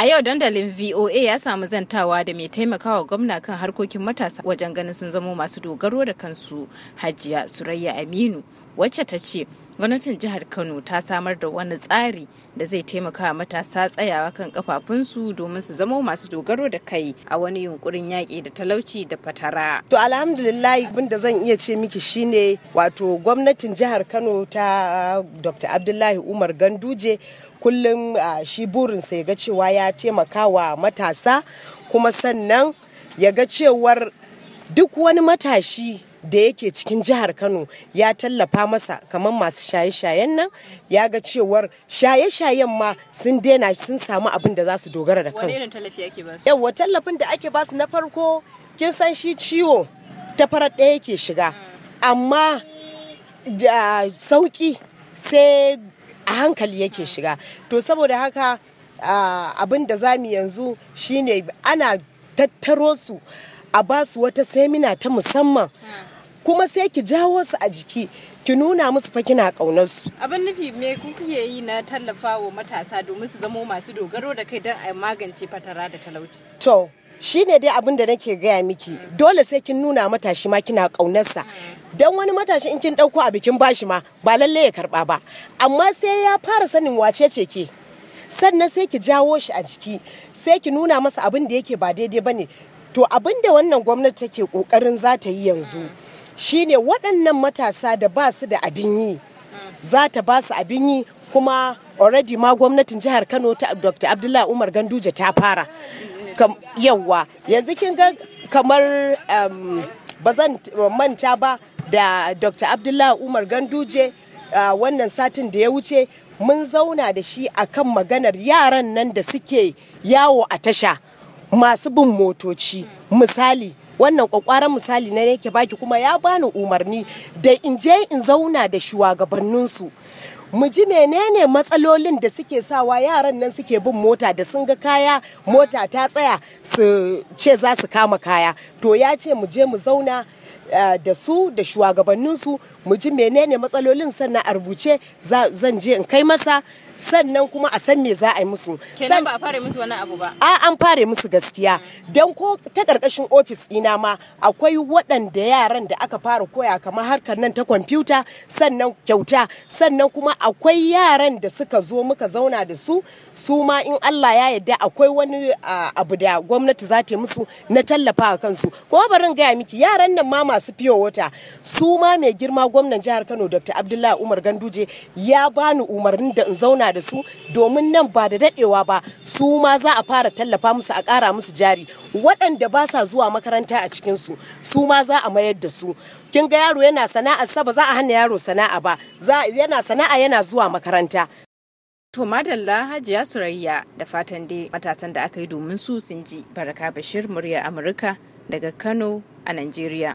A yau dandalin VOA ya samu zantawa da mai taimakawa gwamna kan harkokin matasa wajen ganin sun zamo masu dogaro da kansu Hajiya Surayya Aminu wacce ta ce gwamnatin jihar kano ta samar da wani tsari da zai taimaka matasa tsayawa kan kafafunsu domin su zama masu dogaro da kai a wani yunkurin yaƙi da talauci da fatara to alhamdulillah abin da zan iya ce miki shine wato gwamnatin jihar kano ta uh, dr abdullahi umar ganduje kullum uh, shi burinsa ya ga cewa ya taimaka wa matasa kuma sannan ya ga cewar duk wani matashi da yake cikin jihar kano ya tallafa masa kamar masu shaye-shayen nan ya ga cewar shaye-shayen ma sun daina sun samu abin da za su dogara da kansu Yawwa tallafin da ake basu na farko kin san shi ciwo ta farar ɗaya yake shiga mm. amma da sauki sai a hankali yake shiga to saboda haka abin da za mu yanzu shine ana tattaro su a basu wata semina ta musamman mm. kuma sai ki jawo su a jiki ki nuna musu fa kina kaunar su abin nufi me kuke yi na tallafa wa matasa domin su zamo masu dogaro da kai don a magance fatara da talauci to shi ne dai abin da nake gaya miki dole sai kin nuna matashi ma kina sa don wani matashi in kin ɗauko a bikin bashi ma ba lalle ya karba ba amma sai ya fara sanin wace ce ke sannan sai ki jawo shi a jiki sai ki nuna masa abin da yake ba daidai bane to abin da wannan gwamnati take kokarin za ta yi yanzu shine waɗannan matasa da ba su da abin yi za ta ba su abin yi kuma already ma gwamnatin jihar kano ta dr abdullahi umar ganduje ta fara yawwa yanzu kin ga kamar um, ba zan manta ba da dr abdullahi umar ganduje uh, wannan satin da ya wuce mun zauna da shi a kan maganar yaran nan da suke yawo a tasha masu bin motoci misali wannan kwakwaran misali na yake baki kuma ya bani umarni da in je in zauna da shugabanninsu mu ji menene matsalolin da suke sawa yaran nan suke bin mota da sun ga kaya mota ta tsaya su ce za su kama kaya to ya ce mu je mu zauna eh, da su da shugabanninsu mu ji menene matsalolin sannan a rubuce zan je in kai masa sannan kuma a san me za a yi musu kenan ba a fare musu wani abu ba a an fare musu gaskiya dan ko ta karkashin ofis ina ma akwai waɗanda yaran da aka fara koya kamar harkar nan ta kwamfuta sannan kyauta sannan kuma akwai yaran da suka zo muka zauna da su su ma in Allah ya yarda akwai wani abu da gwamnati za ta musu na tallafa a kansu ko barin gaya miki yaran nan ma masu fiyo wata su ma mai girma gwamnan jihar Kano Dr. Abdullahi Umar Ganduje ya bani umarnin da in zauna da su domin nan ba da daɗewa ba su ma za a fara tallafa musu a ƙara musu jari waɗanda ba sa zuwa makaranta a cikinsu su ma za a mayar da su kin ga yaro yana sana'a sa ba za a hana yaro sana'a ba yana sana'a yana zuwa makaranta To madalla hajiya surayya da fatan dai matasan da aka yi domin su sun ji baraka bashir murya amurka daga kano a najeriya